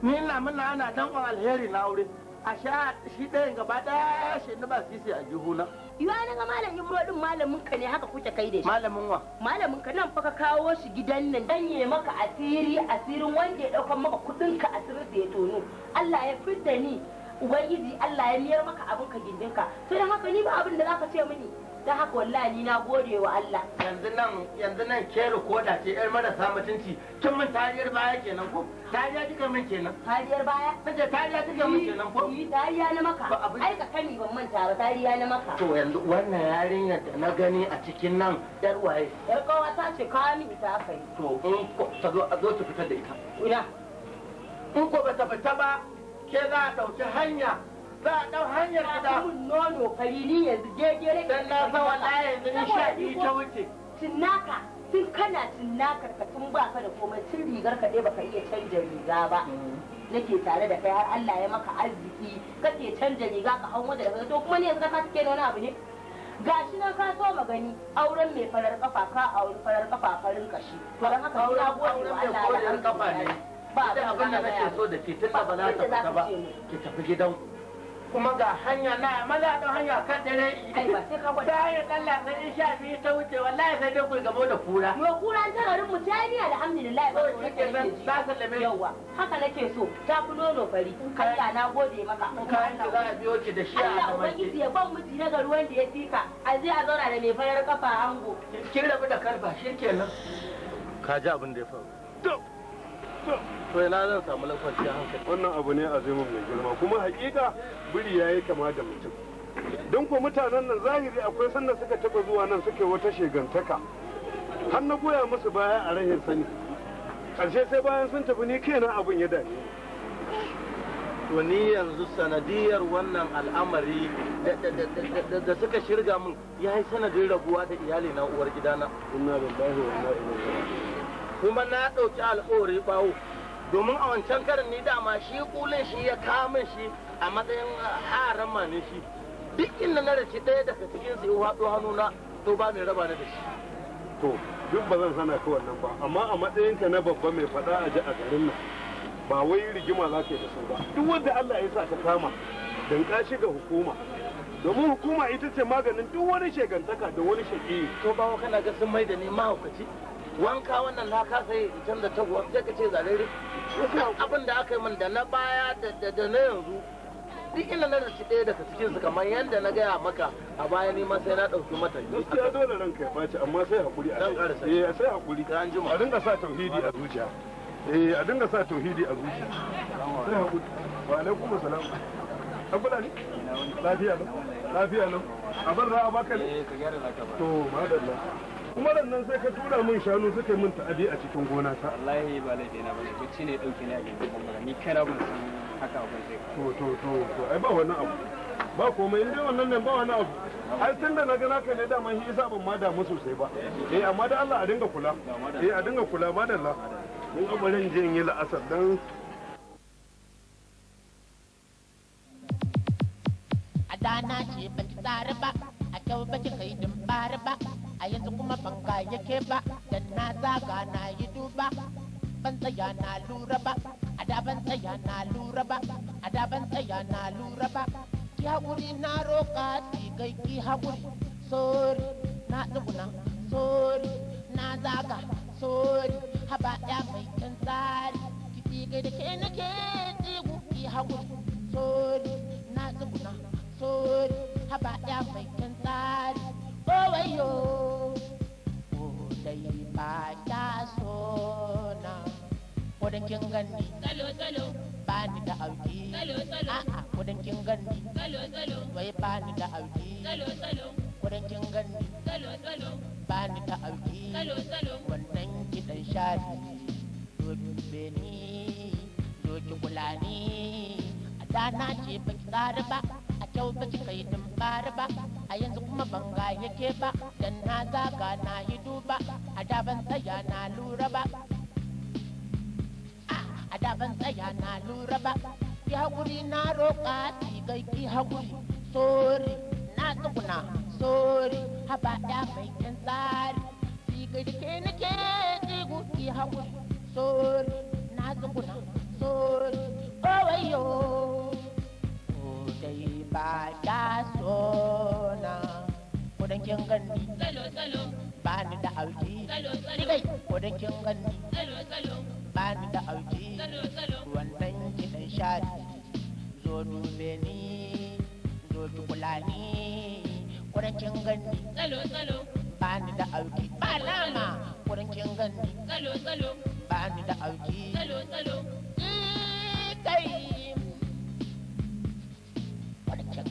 ni ina muna ana dankon alheri na aure a sha shi ɗayan gaba ɗaya shi na ba sisi a jihuna. na. na ga malam Ibro din malamin ka ne haka kuke kai da shi. Malamin wa? Malamin ka nan fa ka kawo shi gidan nan dan ya maka asiri asirin wanda ya ɗaukar maka kuɗin ka asirin da ya tono. Allah ya fidda ni Ubangiji Allah ya miyar maka abin ka gindinka. Sai haka ni ba abin da za ka ce mini. ta haka wallahi na gode wa Allah yanzu nan yanzu nan ke rikoda ce yar marasa mutunci kin min tariyar baya kenan ko tariya kika mun kenan tariyar baya kaje tariya kika mun kenan ko yi tariya na maka ai ka kani ban manta ba tariya na maka to yanzu wannan yarinya da na gani a cikin nan yar waye yar kowa ta ce ka ni ita aka yi to in ko ta zo zo ta fitar da ita ina in ko ba ta fita ba ke za a ɗauki hanya za a ɗau hanyar gida mun nono kari ni yanzu gegere dan na san wallahi yanzu ni sha biyu ta wuce cinnaka tun kana tunaka ka tun ba ka da komai tun rigar ka dai baka iya canja riga ba mm. nake tare da kai har Allah ya maka arziki kake canja riga ka hau da daga to kuma ne yanzu ka take da wani abu ne gashi na ka so magani auren mai farar kafa ka auri farar kafa farin kashi to dan haka ni na gode wa Allah da kafa ne ba abin da nake so da ke tunda ba za ta fita ba ki tafi gidanku kuma ga hanya na ya maza don hanya kan dare idi ta yi dan lafi in sha biyu ta wuce wallahi sai dai kuyi gamo da kura mu kura ta garin mu ta yi alhamdulillah ba ku nake nan ba ka lame yawa haka nake so ta fi nono fari Allah na gode maka in ka yanke za a biyo ki da shi a Allah ubangiji ya ban miji na ga ruwan da ya fika a zai a zauna da mai farar kafa a ango kin rabu da karfa kenan? ka ji abin da ya faru to ina zan samu lafiya hankali wannan abu ne azimin mai girma kuma hakika biri ya yi kama da mutum don kuwa mutanen nan zahiri akwai sanda suka taba zuwa nan suke wata shegantaka har na goya musu baya a rahin sani ƙarshe sai bayan sun tafi ni kenan abin ya dame to ni yanzu sanadiyar wannan al'amari da suka shirga min ya yi sanadin rabuwa da iyali na uwar gidana kuma na ɗauki alƙawari bawo domin a wancan karin ni dama shi kulin shi ya kamun shi a matsayin ah, haran mani shi duk inda na rashi ɗaya daga cikin su ya haɗo hannuna to ba mai raba da shi to duk ba zan sana ka wannan ba amma a matsayinka na babba mai faɗa a ji a garin nan ba wai rigima za ka yi da su ba duk wanda Allah ya sa ka kama dan shi ga hukuma domin hukuma ita ce maganin duk wani shegantaka da wani shaƙi to bawa kana ga sun mai da ni mahaukaci wanka wannan na kasa yi can da taguwa sai ka ce zarere abin da aka yi min da na baya da na yanzu duk inda na da ɗaya daga cikin su kamar yadda na gaya maka a baya ni ma sai na ɗauki mata gaskiya dole ranka ya ɓaci amma sai hakuri a eh sai hakuri ka an jima a dinga sa tauhidi a zuciya eh a dinga sa tauhidi a zuciya sai hakuri wa alaikum assalam an kula ne lafiya lau lafiya lau abin za a baka ne eh, to madalla kuma nan sai ka tura min shanu suka min ta'adi a cikin gona ta wallahi ba laifi na bane bacci ne dauke ne a gindin gona ni kana ban san haka abun zai to to to to ai ba wani abu ba komai in dai wannan ne ba wani abu ai tun da na ga naka ne dama shi yasa ban ma musu sosai ba eh amma da Allah a dinga kula eh a dinga kula Allah mun ga barin je in yi la'asar dan Adana ce ban tsara ba kyau ba kika yi dimbari ba a yanzu kuma ban yake ba dan na zaga na yi duba ban tsaya na lura ba a da ban tsaya na lura ba a da ban tsaya na lura ba ki haƙuri na roƙa tsigai ki haƙuri sori na tsuguna sori na zaga sori haba ya mai kyan tsari ki kai da ke nake ki haƙuri sori na tsuguna sori about that African side. Oh, hey, Oh, they bad sona. Kudin Salo, salo. Bani da auki. Salo, salo. A'a, kudin kin gani. Salo, salo. bani da auki. Salo, salo. Kudin kin gani. Salo, salo. Bani da auki. Salo, salo. Wannan kiɗan shafi. Dokin beni. Dokin kulani. A dana ce baki tsari ba. kyau ba kika yi dimbari ba a yanzu kuma ban ga yake ba dan na zaga na yi duba a da ban tsaya na lura ba ah, a da ban tsaya na lura ba ki hakuri na roƙa tsigai ki hakuri sori na tsuguna sori haba ya mai kyan tsari ki da ke nake tsigu ki hakuri sori na tsuguna sori oh wayo oh dai ba da sona kudin kin salo ba ni da auki kudai kudin kin gandi ba ni da auki wannan kiɗan shari zo dube ni zo tukula ni kudin kin gandi ba ni da auki ba lama kudin kin gandi ba ni da salo, kai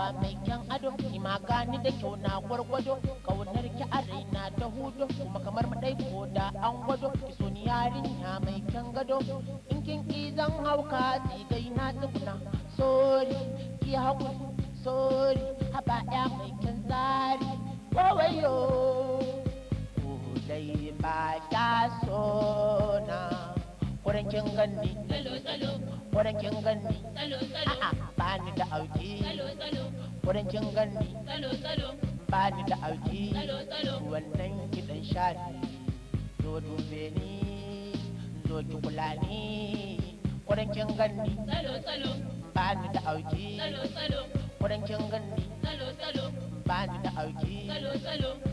ba mai kyan ado ki ma gani da kyau na gwargwado kaunar ki a raina ta hudu kuma kamar madai ko da an gwado ki so ni yarinya mai kyan gado in kin ki zan hauka tsigai na tsuguna sori ki haku sori haba ya mai kyan tsari ko dai ba ta so na kurin kin gani tsalo tsalo wurin kin ganni a'a ba ni da auki wurin kin ganni ba ni da auki wannan kiɗan shafi zo dube ni zo ki kula ni wurin kin ganni ba ni da auki wurin kin ganni ba ni da auki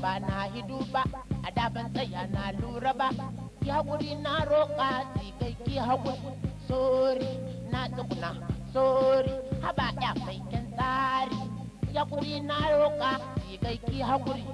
ba na hidu ba a da ban tsaya na lura ba ya wuri na roƙa ki hagu sori na tsuguna sori haba ya mai tsari ya wuri na roƙa ki haƙuri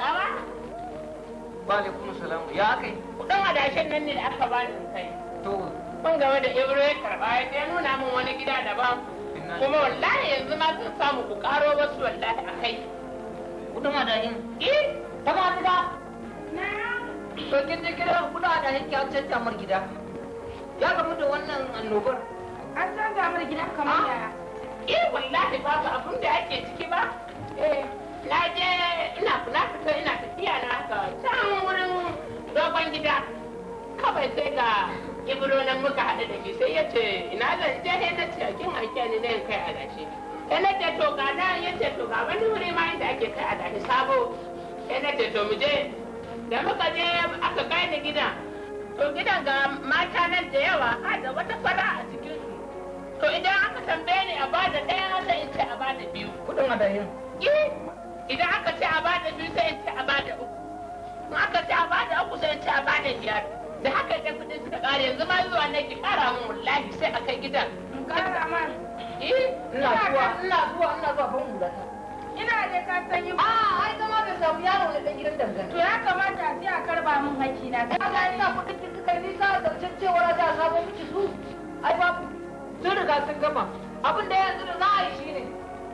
Awa? Ba ne kuma salamu ya kai. Kudin adashin nan ne da aka bani in kai. To. Kun game da Ibro ya karɓa ya sai nuna min wani gida daban. Kuma wallahi yanzu ma sun samu ku ƙaro wasu wallahi a kai. Kudin adashin? Eh, ta ma gida. To kin je gidan kudin adashin ki an canja mar gida. Ya gamu da wannan annobar. An canza mar gida kamar ah? yaya. Eh wallahi babu abin da ake ciki ba. Eh. na je ina kula fito ina tafiya na haka can wurin dogon gida kawai sai ga ibro nan muka haɗu da shi sai ya ce ina zan je ne na ce kin ake ni zan kai adashi sai na ce to ga nan ya ce to ga wani wuri ma inda ake kai adashi sabo sai na ce to mu je da muka je aka kai ni gidan to gidan ga mata nan da yawa ha da wata fara a cikin su to idan aka tambaye ni a ba da ɗaya sai in ce a ba da biyu kudin adayin eh idan aka ce a bada biyu sai ce a bada uku in aka ce a bada uku sai ce a bada biyar da haka ya kudi suka kare yanzu ma zuwa na ki ƙara min wallahi sai a kai gidan. in eh ina zuwa ina zuwa ina zuwa ban ina da ka san yi. a ah, ai zama da samu yaro wani ɗan gidan dangane. to ya kamata a ce a karba mun hakki na. ka ga ina kuɗin ki suka yi nisa da za da sabon miki su. ai babu sun riga sun gama abin da yanzu da za a yi shine.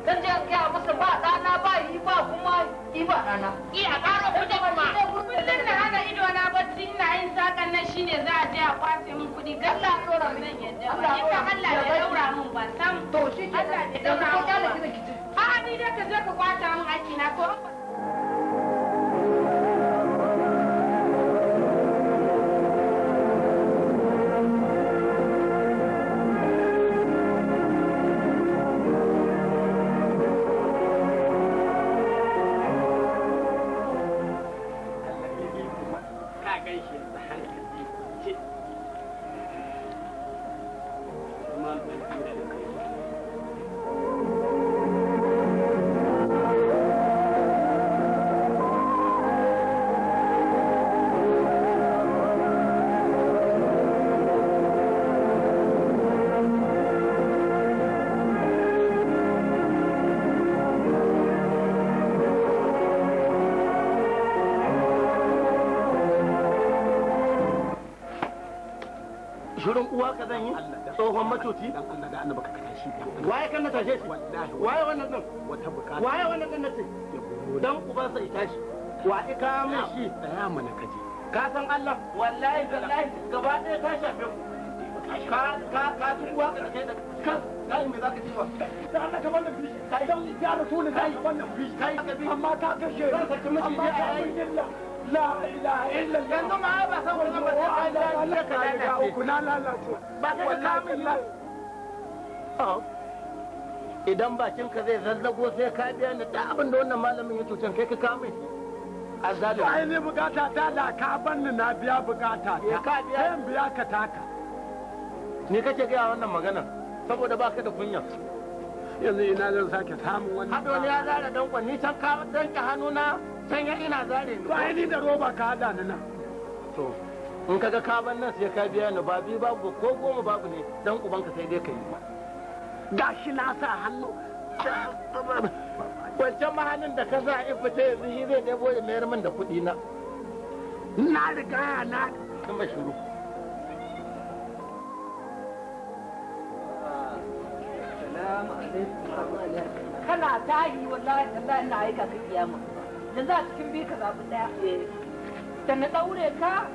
dan je ga masa ba dana ba yi ba kuma yi ba dana yi a karo kuɗi kuma kullum na hana ido na bacci na yin sakan nan shine za a je a kwace min kuɗi galla dora min yadda ba Allah ya daura min ba sam to shi ke Allah ya daura min a ni da ka je ka kwata min aiki na ko gan shi yanzu hankali ce kuma ɗan wurin uwa ka zan yi tsohon macoci waye kan na tashe shi waye wannan din waye wannan din nace dan ubansa ya tashi wa ika mun shi daya mana kaje ka san Allah wallahi wallahi gaba ɗaya ka shafe ku ka ka ka uwa ka kai da ka kai me zaka wa da Allah ka wannan bishi kai dan ya rasulullahi wannan bishi kai amma ka kashe amma ka kashe la ilaha illa yanzu ma ba san wannan ba sai an lalace ka lalace ku na lalace ka ka idan bakin ka zai zallago sai ka biya ni da abin da wannan malamin ya cutan kai ka kame azalim ai ne bukata ta da ka banni na biya bukata ta eh, ka biya sai biya ka taka ni kake ga wannan magana saboda baka da kunya yanzu ina zan sake samun wani haɗo ne ya zara dankon ni can ka danke hannuna can ya ina zare ni ba ni da roba ka hada ni nan to in kaga ka ban nan sai ka biya ni ba bi babu ko goma babu ne dan ubanka sai dai ka yi ba shi na sa hannu wancan mahalin da ka za a fita yanzu shi zai nemo ya mayar min da kuɗi na na riga na kuma shiru kana tahi wallahi tallahi ina aika ka kiyama yanzu a cikin biyu ka zaɓi ɗaya da na ɗaure ka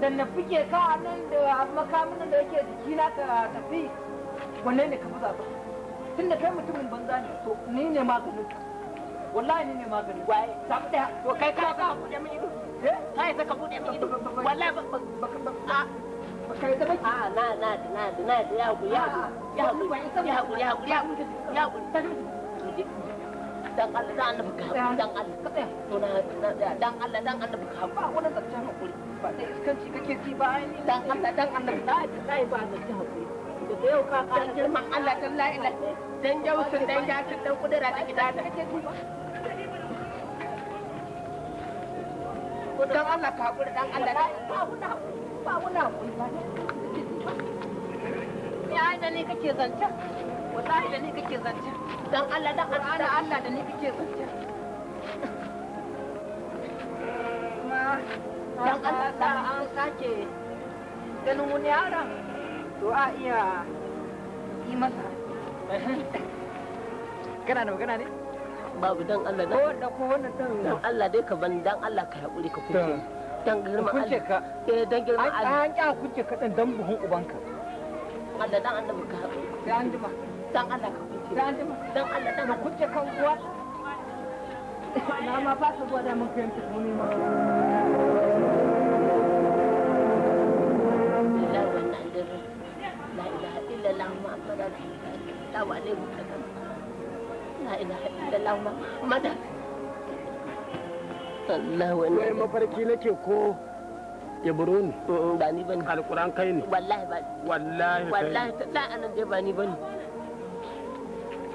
da na fike ka a nan da makamin da yake jikina ka tafi wanne ne ka fi zaɓi tun da kai mutumin banza ne to ni ne maganin ka wallahi ni ne maganin waye zaɓi ɗaya to kai ka ka buɗe min ido eh? kai ka buɗe min ido wallahi ba ba ba kai a na na na na na ku ya ya ku ya ku ya dan Allah dan annabi ka haƙuri dan Allah ka tsaya to na dan Allah dan annabi ka haƙuri ba wani zancen haƙuri ba iskanci kake ji ba ai dan Allah dan annabi na ji sai ba zancen haƙuri da yau ka ƙara girman Allah dan la'ila dan jawsun dan jasin dan kudura da dan Allah ka haƙuri dan Allah ba wani haƙuri ba wani haƙuri ba da ne kake zancen wallahi da ni kake zance dan Allah dan Allah Allah da ni kake zance dan Allah da an sake ganin wani yaron to a iya yi masa kana da magana ne babu dan Allah dan wanda ko wannan dan dan Allah dai ka ban dan Allah ka hakuri ka kuce dan girman Kuce ka eh dan girma Allah an kya kuce ka dan dan buhun ubanka Allah dan Allah ka hakuri sai an dan Allah ka kuce dan Allah ka kuce kan uwa na ma ba su gwada mun kai ta mun ma la wannan dare mafarki nake ko ibro ne mm, ba ni bane alquran kai ne wallahi ba wallahi wallahi ta da anan dai ba ni bane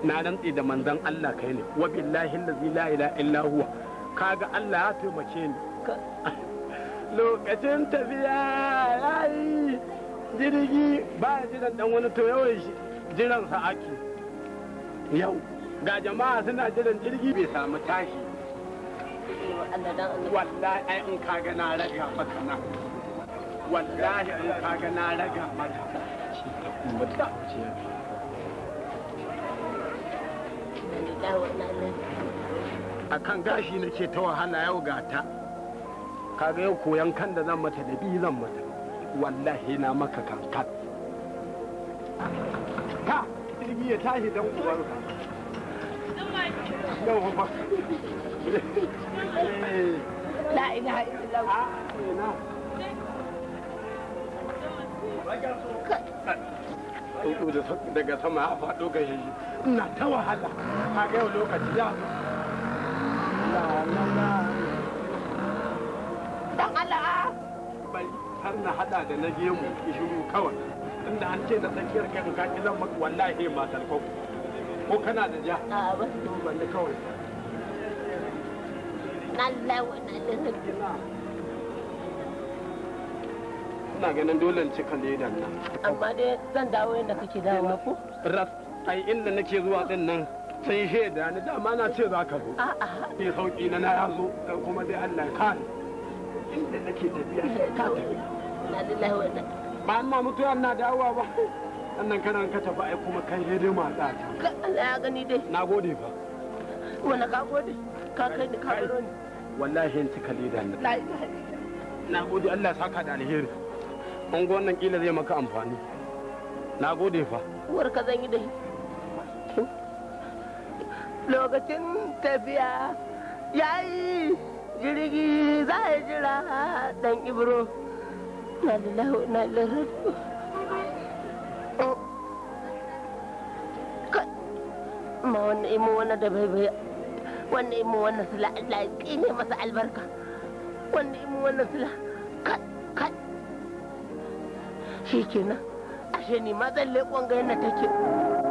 na rantse da manzon Allah kai ne wa billahi allazi la ilaha illa huwa kaga Allah ya taimake ni lokacin tafiya yayi jirgi ba jiran dan wani to yawan jiran sa ake yau ga jama'a suna jiran jirgi bai samu tashi wallahi ai in kaga na raga maka na wallahi in kaga na raga maka billahi wallahi a kan gashi nake ta wahala yau ga ta kaga yau koyan kan da zan mata da bi zan mata wallahi na maka kankan ka ilimi ya tashi dan uwarka yau ba la ilaha illallah ah, tsuntsu daga sama a faɗo ga shi ina ta wahala a yau lokaci ya zo dan Allah bai har na hada da na gemu shiru kawai inda an ce na tsakiyar kai in kaki zan maka wallahi ma talkau ko kana da ja a ba ban kawai wannan ina ganin dole cika ledan nan amma dai zan dawo yadda kake dawo ko ras ai inda nake zuwa din nan sai shaida ni dama na ce za ka zo ni sauki na na ya zo kuma dai Allah ka inda nake tafiya sai ka tafi ba amma mutuwa na dawowa ba sannan kana ka tafi ai kuma kan hede matsa ta Allah ya gani dai na gode fa wala ka gode ka kai ni ka biro ni wallahi in cika ledan na gode Allah saka da alheri an wannan kila zai maka amfani na gode fa uwar ka zan yi da lokacin tafiya ya yi jirgi za a jira dan ibro na lillahi na lillahi ma wannan imo wannan da bai bai wannan imo wannan sula Allah ya tsine masa albarka wannan imo wannan sula kat kat kenan ashe ni ma zan leƙon ga yadda take